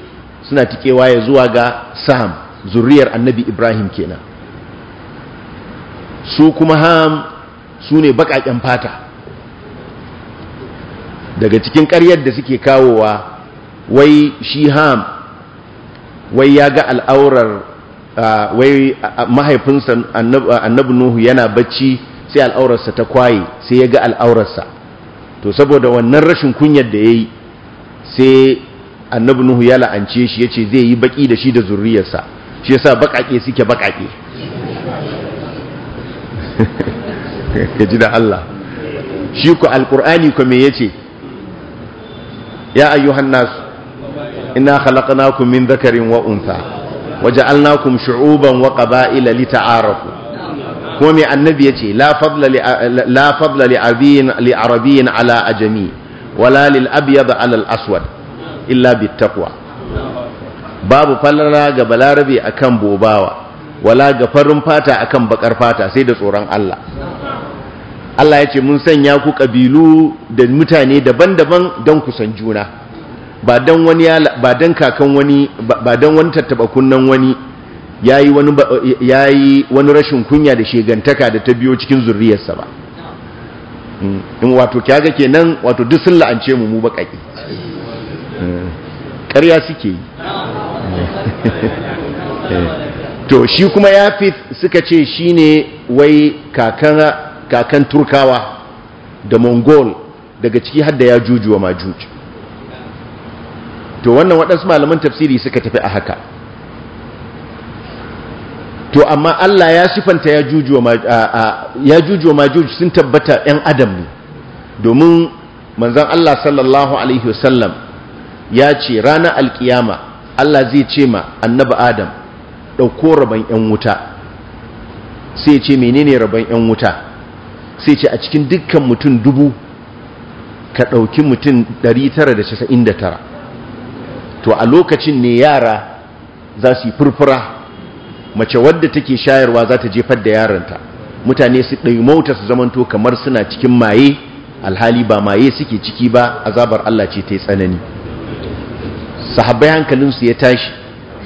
suna tikewa ya zuwa ga saham zuriyar annabi ibrahim kenan su kuma ham su ne baƙaƙen fata daga cikin karyar da suke kawowa wai shi ham wai ya ga al'aurar wai mahaifinsa annabi nuhu yana bacci sai al'aurarsa ta kwaye sai ya ga al'aurarsa to saboda wannan rashin kunyar da ya yi sai annabi nuhu ya la'ance shi ya ce zai yi baki da shi da zurriyarsa shi ya sa bakake suke bakake (laughs) ka ji da Allah shi ku alƙur'ani ku me yace ya ayyuhan Ina inna khalaqnakum min dhakarin wa untha waja'alnakum shu'uban wa qaba'ila lita'arafu Kuma mai annabi ya ce la fadla li arabiyin ala ajami wala lil abyad ala al aswad illa babu fallara ga balarabe akan bobawa wala ga farin fata akan bakar fata sai da tsoron Allah Allah ya ce mun sanya ku kabilu da mutane daban-daban don kusan juna ba don wani ba don kakan wani ba don wani tattaba kunnan wani yayi wani wani rashin kunya da shegantaka da ta biyo cikin zurriyarsa ba mm. in wato kaga kenan wato duk sun la'ance mu mu bakaki mm. ƙarya suke yi mm. (laughs) eh. to shi kuma Yafit suka ce shi ne wai kakan kakan turkawa da mongol daga ciki hadda ya jujuwa juji, to wannan waɗansu malaman tafsiri suka tafi a haka to amma Allah ya sifanta ya juju wa majuj sun tabbata 'yan adam ne domin manzan Allah sallallahu Alaihi wasallam ya ce ranar alkiyama Allah zai ce ma annaba adam ɗauko rabon 'yan wuta sai ce menene rabon 'yan wuta sai ce a cikin dukkan mutum dubu ka ɗauki mutum 999 to a lokacin ne yara za su yi furfura mace wadda take shayarwa za ta jefar da yaranta, mutane su ɗai mota su zamanto kamar suna cikin maye alhali ba maye suke ciki ba azabar Allah ce ta yi tsanani sahabbai hankalinsu ya tashi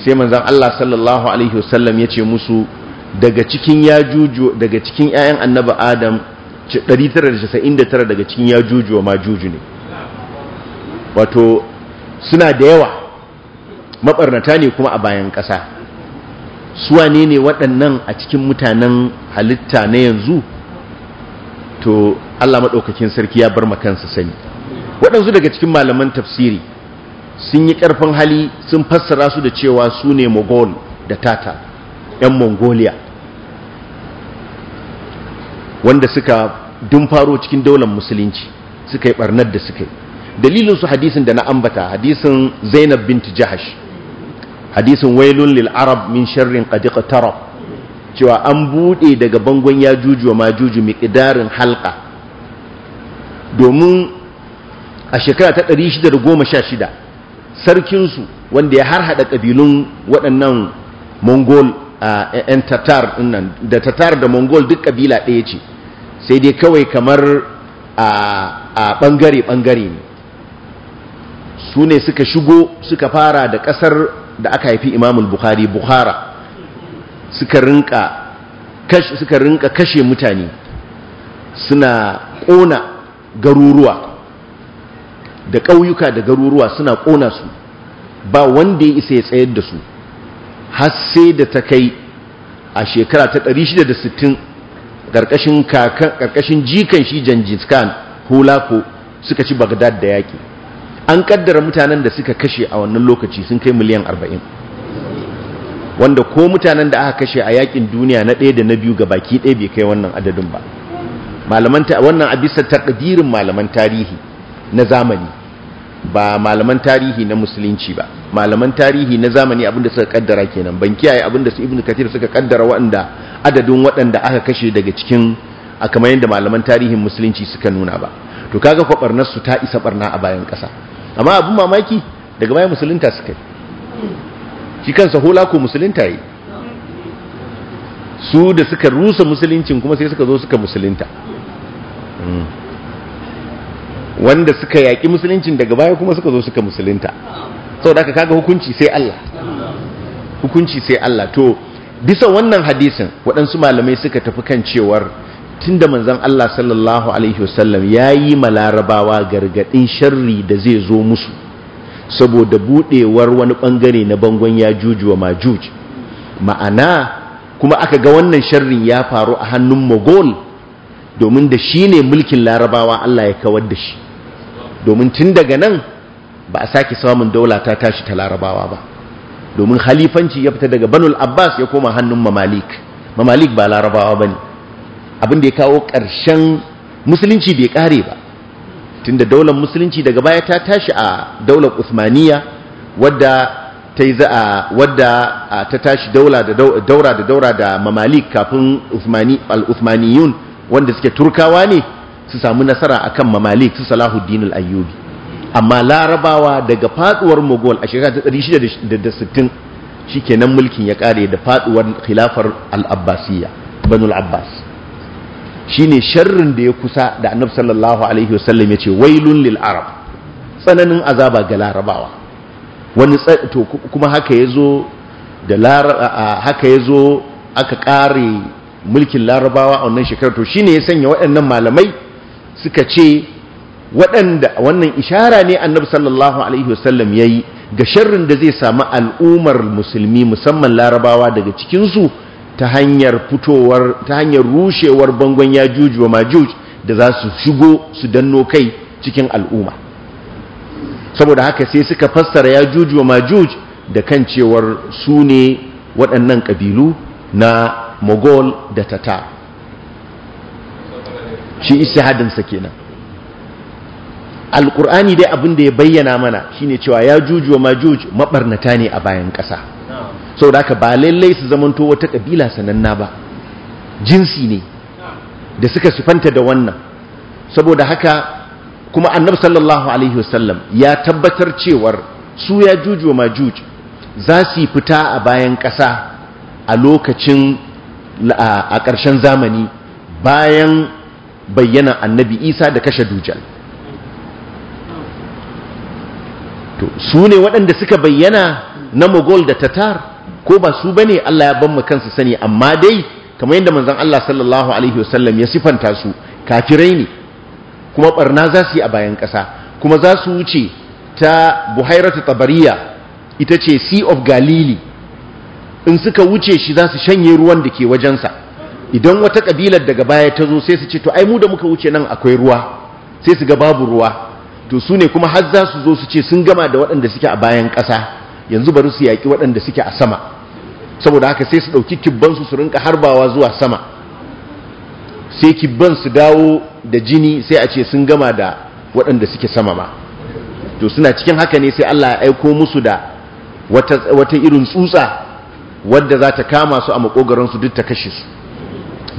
sai manzan Allah sallallahu alaihi wasallam ya ce musu daga cikin juju daga cikin 'ya'yan annaba adam 999 daga cikin juju wa juju ne wato suna da yawa maɓarnata ne kuma a bayan ƙasa wane ne waɗannan a cikin mutanen halitta na yanzu to Allah maɗaukakin sarki ya bar makansa sani waɗansu daga cikin malaman tafsiri sun yi ƙarfin hali sun fassara su da cewa su ne mogol da tata 'yan mongolia wanda suka dun faro cikin daular musulunci suka yi ɓarnar da suka yi dalilinsu hadisin da na ambata hadisin zainab binti jahash hadisin wailun lil arab min sharrin qad iqtarab cewa an bude daga bangon ya juju wa majuju miqdarin halqa domin a shekara ta 616 sarkin su wanda ya harhada kabilun waɗannan mongol yan tatar nan da tatar da mongol duk kabila ɗaya ce sai dai kawai kamar a bangare bangare ne su ne suka shigo suka fara da ƙasar da aka haifi imamul bukhari bukhara suka rinka kashe mutane suna ƙona garuruwa da ƙauyuka da garuruwa suna ƙona su ba wanda ya isa ya tsayar da su har sai da ta kai a shekara ta 660 ƙarƙashin jikan shi janjiskan hulako suka ci bagdad da yaƙi an kaddara mutanen da suka kashe a wannan lokaci sun kai miliyan arba'in wanda ko mutanen da aka kashe a yakin duniya na ɗaya da na biyu ga baki ɗaya bai kai wannan adadin ba wannan a bisa takdirin malaman tarihi na zamani ba malaman tarihi na musulunci ba malaman tarihi na zamani abinda suka kaddara kenan ban kiyaye abinda su ibnu kathir suka kaddara waɗanda adadin waɗanda aka kashe daga cikin a kamar yadda malaman tarihin musulunci suka nuna ba to kaga kwabarnar su ta isa barna a bayan ƙasa amma abin mamaki daga baya musulunta suka shi kansa hula ko musulunta yi su da suka rusa musuluncin kuma sai suka zo suka musulunta hmm. wanda suka yaƙi musuluncin daga baya kuma suka zo suka musulunta sau da kaga hukunci sai Allah hukunci sai Allah to bisa wannan hadisin waɗansu malamai suka tafi kan cewar Tun da manzan Allah sallallahu alaihi wasallam yi malarabawa gargadin sharri da zai zo musu saboda buɗewar wani ɓangare na bangon ya juji wa majuj ma'ana kuma aka ga wannan sharrin ya faru a hannun mogol domin da shi ne mulkin larabawa Allah ya kawar da shi domin tun daga nan ba a sake samun daula ta tashi ta larabawa ba domin halifanci ya fita daga banul abbas ya koma hannun mamalik mamalik ba larabawa ba ne abin da ya kawo ƙarshen musulunci bai ƙare ba tunda daular musulunci daga baya ta tashi a daular usmaniya wadda ta yi za'a wadda ta tashi daura da daura da mamalik kafin al usmaniyun wanda suke turkawa ne su samu nasara akan mamalik su Salahu al-ayyubi amma larabawa daga faduwar mughal a shekara shi shi kenan mulkin ya kare da faduwar khilafar al-abbasiyya banu abbas shine sharrin da ya kusa da annab sallallahu alaihi wasallam ya ce wailun lil arab tsananin azaba ga larabawa wani to kuma haka zo da haka zo aka ƙare mulkin larabawa a wannan shekarar to shine ya sanya waɗannan malamai suka ce waɗanda wannan ishara ne annabi sallallahu alaihi wasallam yayi ga sharrin da zai sami al'ummar musulmi musamman larabawa daga cikinsu ta hanyar fitowar ta hanyar rushewar bangon ya juju wa majuj da za su shigo su danno kai cikin al'umma saboda haka sai suka fassara ya juju wa majuj da kan cewar su ne waɗannan ƙabilu na mogol da tata shi hadinsa kenan alƙur'ani dai abinda ya bayyana mana shine cewa ya juju wa majuj maɓarnata ne a bayan ƙasa sau daka ba lallai su zamanto wata kabila sananna ba jinsi ne da suka sufanta da wannan saboda haka kuma annabi sallallahu alaihi wasallam ya tabbatar cewar su ya juju wa majuj za su fita a bayan ƙasa a lokacin a ƙarshen zamani bayan bayyana annabi isa da kashe dujal su ne waɗanda suka bayyana na mogol da tatar ko ba su bane Allah ya ban mu kansu sani amma dai kamar yadda manzon Allah sallallahu alaihi wasallam ya sifanta su kafirai ne kuma barna za su yi a bayan ƙasa kuma za su wuce ta buhairatu tabariya ita ce sea of Galili. in suka wuce shi za su shanye ruwan da ke wajensa idan wata ƙabilar daga baya ta zo sai su ce to ai mu da muka wuce nan akwai ruwa sai su ga babu ruwa to su ne kuma har za su zo su ce sun gama da waɗanda suke a bayan ƙasa yanzu bari su yaƙi waɗanda suke a sama saboda haka sai su ɗauki kibban su rinka harbawa zuwa sama sai kibban su dawo da jini sai a ce sun gama da waɗanda suke sama ma to suna cikin haka ne sai Allah ya aiko musu da wata irin tsutsa wadda za ta kama su a makogaransu duk ta kashe su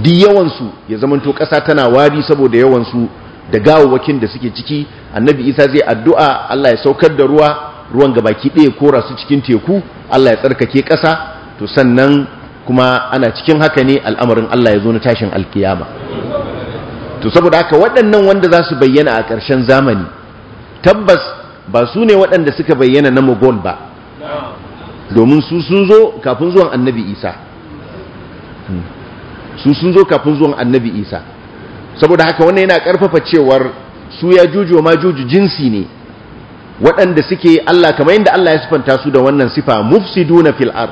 duk yawansu ya zamanto ƙasa tana wari saboda yawansu da gawawakin da suke ciki annabi isa zai addu'a Allah ya saukar da ruwa ruwan gabaki ɗaya kora su cikin teku Allah ya tsarkake ƙasa to sannan kuma ana cikin haka ne al'amarin Allah ya zo na tashin alkiyama to saboda haka waɗannan wanda za su bayyana a ƙarshen zamani tabbas ba su ne waɗanda suka bayyana na mugon ba domin su sun zo kafin zuwan annabi isa hmm. su sun zo kafin zuwan annabi isa saboda haka wannan yana ƙarfafa cewar su ya jujo ma juju jinsi ne waɗanda suke Allah kamar yadda Allah ya sifanta su da wannan sifa mufsiduna fil ard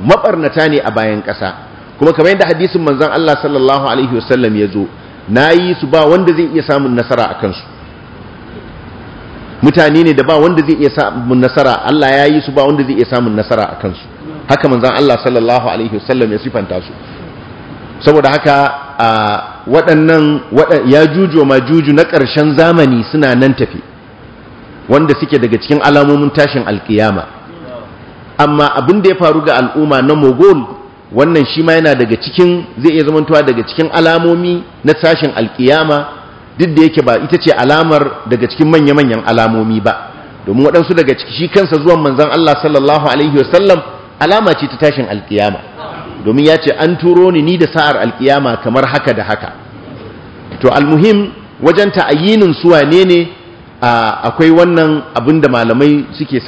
mabarnata ne a bayan ƙasa kuma kamar yadda hadisin manzon Allah sallallahu alaihi wasallam ya zo nayi su ba wanda zai iya samun nasara a kansu. mutane ne da ba wanda zai iya samun nasara Allah ya yi su ba wanda zai iya samun nasara a kansu haka manzan Allah sallallahu alaihi wasallam ya sifanta su saboda haka waɗannan ya juju ma juju na ƙarshen zamani suna nan tafi wanda suke daga cikin alamomin tashin alkiyama amma abin da ya faru ga al'umma na mogol wannan shi ma yana daga cikin zai iya zamantowa daga cikin alamomi na tashin alkiyama duk da yake ba ita ce alamar daga cikin manya-manyan alamomi ba domin waɗansu daga ciki shi kansa zuwan manzan Allah sallallahu alaihi wasallam alama ce ta tashin alkiyama domin ya ce an turo ni ni da sa'ar alkiyama kamar haka da haka to almuhim wajen ta'ayyinin su wane ne akwai wannan abin da malamai suke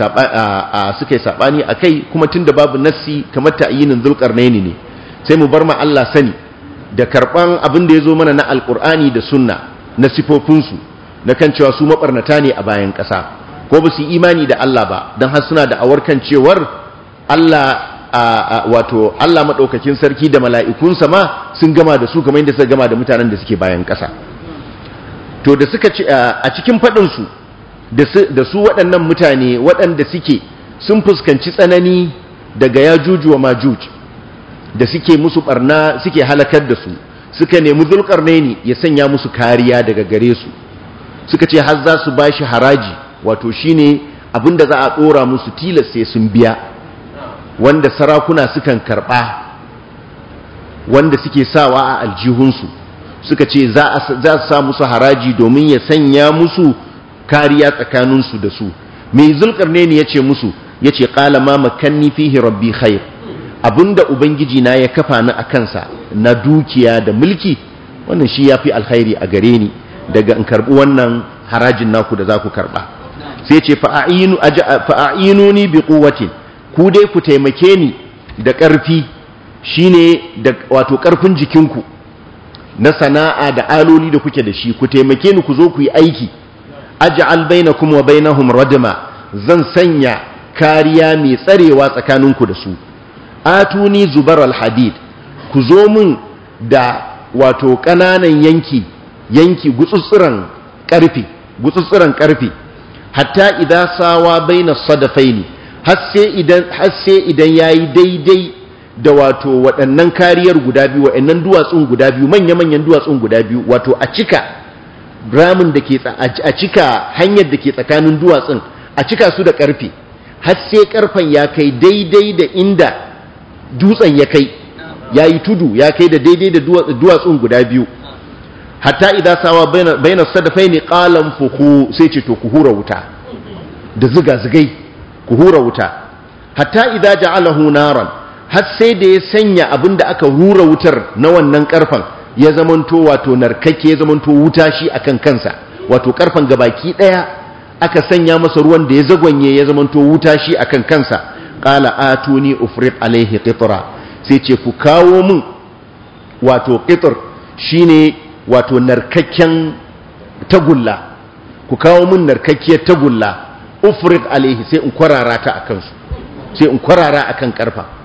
saɓani a kai kuma tun da babu nassi kamar na zulƙarnaini ne sai mu bar ma Allah sani da karɓan abin da ya zo mana na alƙur'ani da sunna na sifofinsu na kan cewa su maɓarnata ne a bayan ƙasa ko ba su imani da Allah ba don har suna da awarkan cewar Allah wato Allah maɗaukakin sarki da mala'ikunsa ma sun gama da su kamar yadda suka gama da mutanen da suke bayan ƙasa to da suka ce a cikin faɗinsu da su waɗannan mutane waɗanda suke sun fuskanci tsanani daga juju wa majuj da suke musu barna suke halakar da su suka nemi ne ya sanya musu kariya daga gare su suka ce har za su bashi haraji wato shine abinda za a dora musu tilas sai sun biya wanda sarakuna sukan karɓa wanda suke sawa a aljihunsu suka ce za a sa musu haraji domin ya sanya musu kariya tsakaninsu da su mai ne ya ce musu ya ce ƙala ma makanni fihi rabbi khair abinda ubangiji na ya kafa ni a kansa na dukiya da mulki wannan shi ya fi alkhairi a gare ni daga in karɓi wannan harajin naku da za ku karɓa sai ce fa'a'inu ni bi kuwatin ku dai ku taimake ni da ƙarfi shine da wato ƙarfin jikinku na sana'a da aloli da kuke da shi ku taimake ni ku zo ku yi aiki aj'al bainakum wa bainahum radma zan sanya kariya mai tsarewa tsakaninku da su atuni zubar alhadid ku zo mun da wato kananan yanki yanki gutsutsuran karfi gutsutsuran karfi hatta idan sawa baina sadafaini har sai idan har sai idan yayi daidai da wato waɗannan kariyar guda biyu waɗannan duwatsun guda biyu manya-manyan duwatsun guda biyu wato a cika ramin da ke a cika hanyar da ke tsakanin duwatsun a cika su da ƙarfe har sai ƙarfen ya kai daidai da inda dutsen ya kai ya yi tudu ya kai da daidai da duwatsun guda biyu hatta idan sawa baina sadafai ne ƙalan fuku sai ce to ku hura wuta da ziga-zigai ku hura wuta hatta idan ja'alahu naran har sai da ya sanya abin da aka rura wutar na wannan karfan ya zamanto wato narkake ya zamanto wuta shi akan kansa wato karfan gabaki daya aka sanya masa ruwan da ya zagwanye ya zamanto wuta shi akan kansa qala atuni ufrid alaihi qitra sai ce ku kawo mun wato qitr shine wato narkakken tagulla ku kawo mun narkakkiyar tagulla ufrid alaihi sai in kwarara ta akan su sai in kwarara akan karfa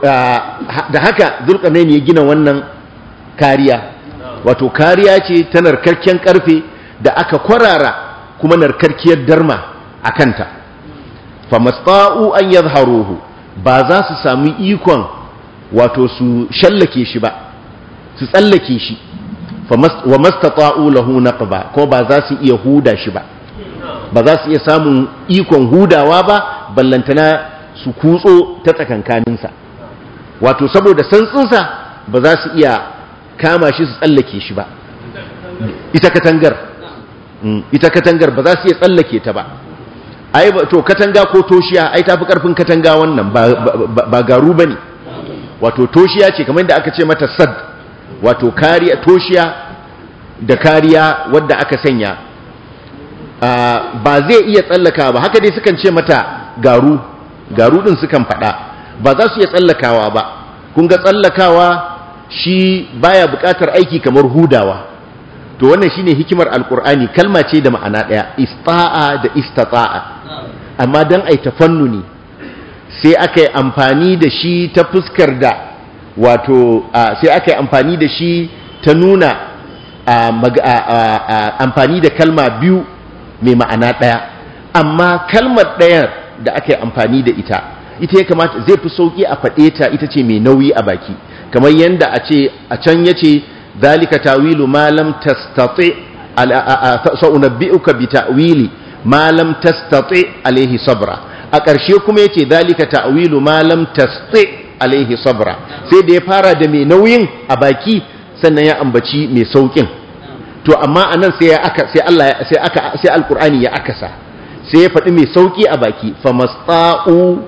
da haka zulkarnain ya gina wannan kariya wato kariya ce ta narkarken karfe da aka kwarara kuma narkarkiyar darma a kanta famasta'u an yadharuhu ba za su sami ikon wato su shallake shi ba su tsallake shi wa mastata'u lahu naqba ko ba za su iya huda shi ba ba za su iya samun ikon hudawa ba ballantana su kutso ta tsakankaninsa wato saboda santsinsa ba za su iya kama shi su tsallake shi ba ita katangar mm, ita katangar ba za su iya tsallake ta ba ai to katanga ko toshiya ai tafi karfin katanga wannan ba garu bane wato toshiya ce kamar da aka ce mata sad wato kariya toshiya da kariya wanda aka sanya ah, ba zai iya tsallaka ba haka dai sukan ce mata garu garu din sukan faɗa ba za su iya tsallakawa ba kun ga tsallakawa shi baya buƙatar aiki kamar hudawa to wannan shine hikimar alkur'ani kalma ce da ma'ana ɗaya ista'a da istata'a amma dan ai tafannuni sai aka amfani da shi ta fuskar da wato sai aka amfani da shi ta nuna amfani da kalma biyu mai ma'ana ɗaya amma kalmar ɗayar da aka yi amfani da ita ita ya kamata zai fi sauƙi a faɗe ta ita ce mai nauyi a baki kamar yadda a ce a can ya ce zalika tawilu malam lam sa'unabbi'uka bi ta'wili malam tastatse alaihi sabra a ƙarshe kuma ya ce zalika ta'wilu malam tastatse a alaihi sabra sai da ya fara da mai nauyin a baki sannan ya ambaci mai sauƙin to amma anan sai aka sai Allah sai aka sai ya akasa sai ya faɗi mai sauƙi a baki masta'u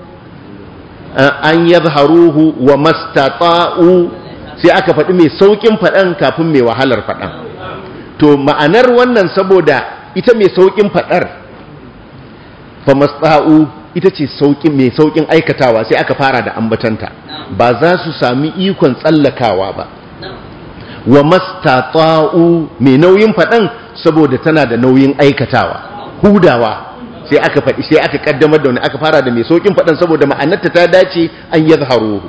eh, an yadharuhu wa mastata'u sai aka faɗi mai sauƙin faɗan kafin mai wahalar faɗan to ma'anar wannan saboda ita mai sauƙin faɗar masta'u ita ce mai sauƙin aikatawa sai aka fara da ambatanta ba za su sami ikon tsallakawa ba wa mastata'u mai nauyin faɗan saboda tana da nauyin aikatawa hudawa sai aka faɗi sai aka kaddamar da wani aka fara da mai saukin faɗan saboda ma'anarta ta dace an yazharuhu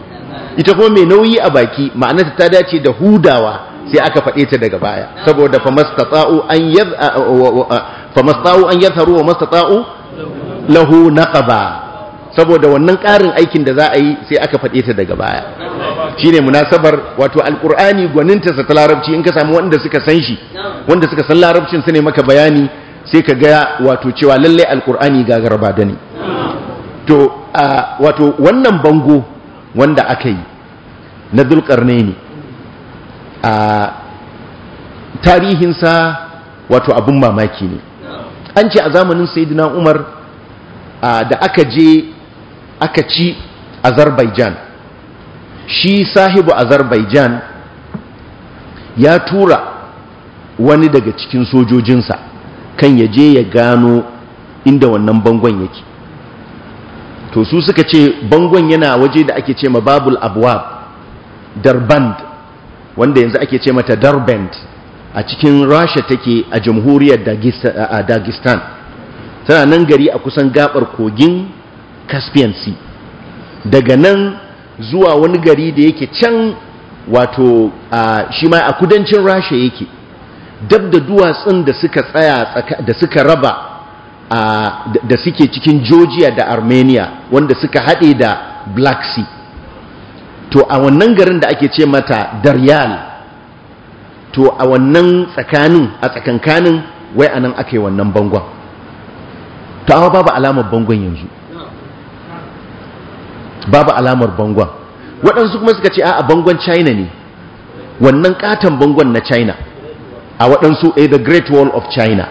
ita kuma mai nauyi a baki ma'anarta ta dace da hudawa sai aka faɗe ta daga baya saboda famastata'u an yaz famasta'u an yazharu wa mastata'u lahu naqaba saboda wannan ƙarin aikin da za a yi sai aka faɗe ta daga baya shi ne munasabar wato alƙur'ani gwaninta sa ta larabci in ka samu wanda suka san shi wanda suka san larabcin su ne maka bayani sai ka ga wato cewa lallai alkur'ani ga ba da ne to a wato wannan bango wanda aka yi na dulkarne ne a tarihinsa wato abin mamaki ne an ce a zamanin sayidina umar da aka je aka ci azerbaijan shi sahibu azerbaijan ya tura wani daga cikin sojojinsa kan ya je ya gano inda wannan bangon yake to su suka ce bangon yana waje da ake ce ma babul abwab darband wanda yanzu ake ce mata darband a cikin rasha take a jamhuriyar dagistan tana nan gari a kusan gabar kogin caspian sea daga nan zuwa wani gari da yake can wato shi ma a kudancin rasha yake dab da duwatsun da suka tsaya da suka raba da suke cikin Georgia da Armenia wanda suka haɗe da Black Sea to a wannan garin da ake ce mata Daryal to a wannan tsakanin a tsakankanin wai anan aka yi wannan bangon to awa babu alamar bangon yanzu babu alamar bangon waɗansu kuma suka ce a bangon China ne wannan katon bangon na China a waɗansu a eh, the great wall of china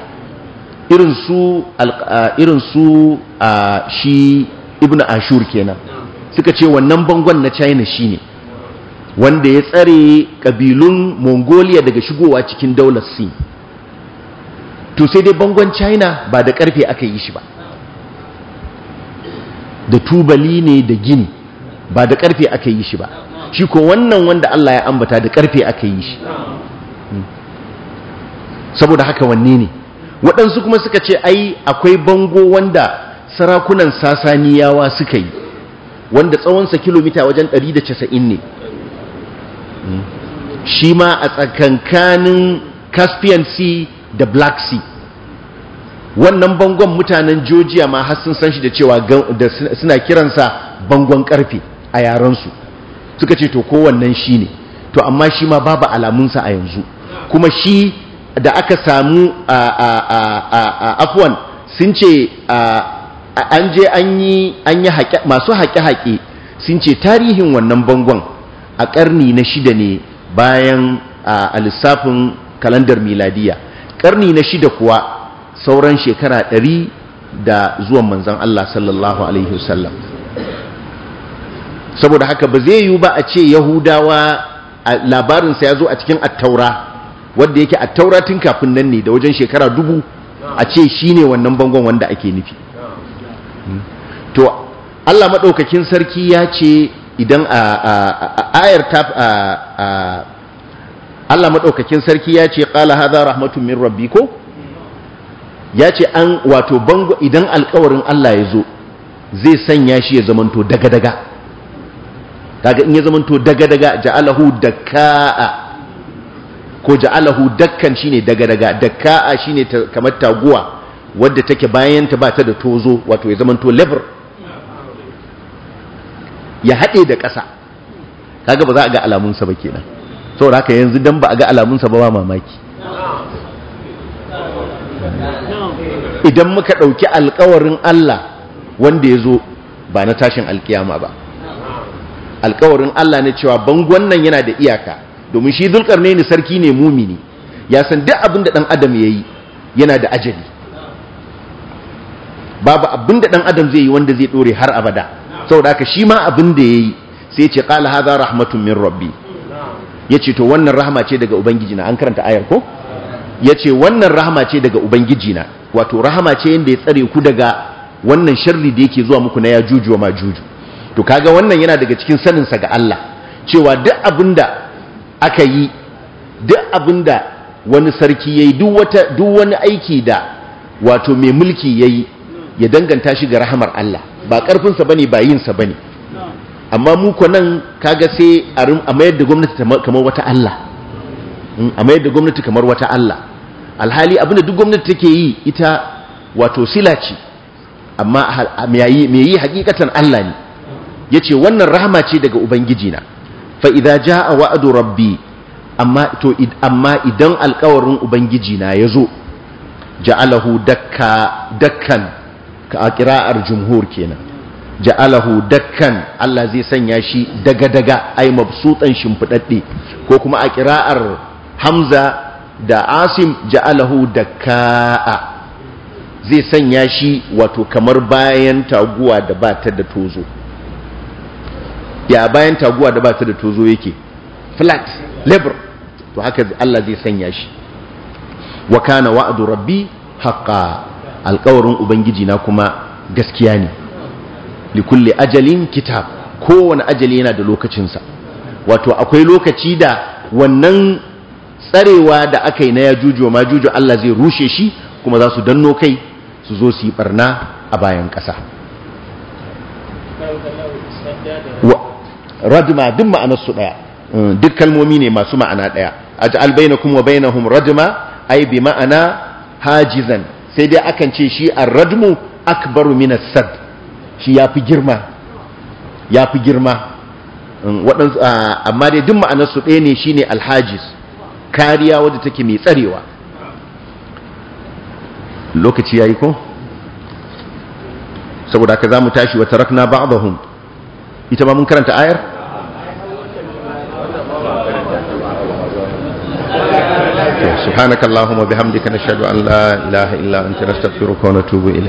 irin su a uh, uh, shi ibn ashur kenan suka ce wannan bangon na china shine wanda ya tsare ƙabilun mongolia daga shigowa cikin daular sin to sai dai bangon china ba da ƙarfe aka yi shi ba da tubali ne da gini ba da ƙarfe aka yi shi ba shi ko wannan wanda allah ya ambata da ƙarfe aka yi shi saboda haka wanne ne waɗansu kuma suka ce ai akwai bango wanda sarakunan sasaniyawa suka yi wanda tsawonsa kilomita wajen 190 ne hmm. shi ma a tsakankanin caspian sea da black sea wannan bangon mutanen georgia ma har sun san shi da cewa suna kiransa bangon karfe a yarensu suka ce to kowannan shi ne to amma shi ma babu alamunsa a yanzu kuma shi da aka samu a afwan sun ce an je an yi masu haƙe-haƙe sun ce tarihin wannan bangon a ƙarni na shida ne bayan a lissafin kalandar miladiya ƙarni na shida kuwa sauran shekara ɗari da zuwan manzan Allah sallallahu Alaihi wasallam saboda haka ba zai yiwu ba a ce yahudawa labarinsa ya zo a cikin attaura wanda yake a tauratin kafin nan ne da wajen shekara dubu a ce shi ne wannan bangon wanda ake nufi hmm. to allah maɗaukakin sarki ya ce idan a ayar ta allah maɗaukakin sarki ya ce ƙala haza rahmatun min rabbi ko ya ce an wato bangon idan alkawarin allah ya zo zai sanya shi ya zamanto daga-daga kaga in ya zamanto daga-daga ja'alahu daka'a ko ja'alahu dakkan shine daga daga dakka'a shine kamar taguwa wadda take bayan ta bata da tozo wato ya zamanto lever ya haɗe da ƙasa kaga ba za a ga alamunsa ba kenan saboda haka yanzu dan ba a ga alamunsa ba ba mamaki idan muka ɗauki alƙawarin Allah wanda ya zo ba na tashin alkiyama ba Alƙawarin Allah ne cewa bangon nan yana da iyaka domin shi ne sarki ne mumini ya san duk abin da dan adam yayi yana da ajali babu abin da dan adam zai yi wanda zai dore har abada saboda haka shi ma abin da yayi sai ce qala hadha rahmatun min rabbi yace to wannan rahama ce daga ubangiji na an karanta ayar ko yace wannan rahama ce daga ubangiji na wato rahama ce yanda ya tsare ku daga wannan sharri da yake zuwa muku na yajuju wa majuju to kaga wannan yana daga cikin saninsa ga Allah cewa duk abinda aka yi duk abin da wani sarki ya yi duk wani aiki da wato mai mulki ya yi ya danganta shi ga rahamar Allah ba ƙarfinsa ba ne ba yinsa ba ne amma muku nan kaga sai a mayar da gwamnati kamar wata Allah hmm, a mayar da gwamnati kamar wata Allah alhali abin da duk gwamnati take yi ita wato sila ce amma mai yi hakikatan Allah ne ya ce wannan rahama ce daga ubangijina fa idza jaa wa'du rabbi amma to amma idan alƙawarin ubangiji na yazo ja'alahu dakka dakkan ka a jumhur kenan ja'alahu dakkan Allah zai sanya shi daga daga ai mabsutan shimfidadde ko kuma a ƙira'ar hamza da asim ja'alahu dakka zai sanya shi wato kamar bayan taguwa da ba da tozo ya bayan taguwa da ba ta da tozo yake flat labor to haka Allah zai sanya shi wa kana wa'du rabbi haqqan alƙawarin ubangiji na kuma gaskiya ne likulli ajalin kitab kowane ajali yana da lokacinsa wato akwai lokaci da wannan tsarewa da aka yi na yajuju wa majuju Allah zai rushe shi kuma za su danno kai su zo su yi barna a bayan ƙasa radma duk ma'anar su daya hmm, duk kalmomi ne masu ma'ana daya aj'al bainakum wa bainahum radma ai bi ma'ana hajizan sai dai akan ce shi ar-radmu akbaru min as-sad shi yafi girma yafi girma hmm, waɗansu amma dai duk ma'anar su ɗaya ne shine alhajiz kariya wadda take mai tsarewa lokaci yayi ko saboda haka zamu tashi wa tarakna ba'dahum ita ba mun karanta ayar subhanakallahumma bihamdika nashhadu an la ilaha illa anta nastaghfiruka na natubu ilayk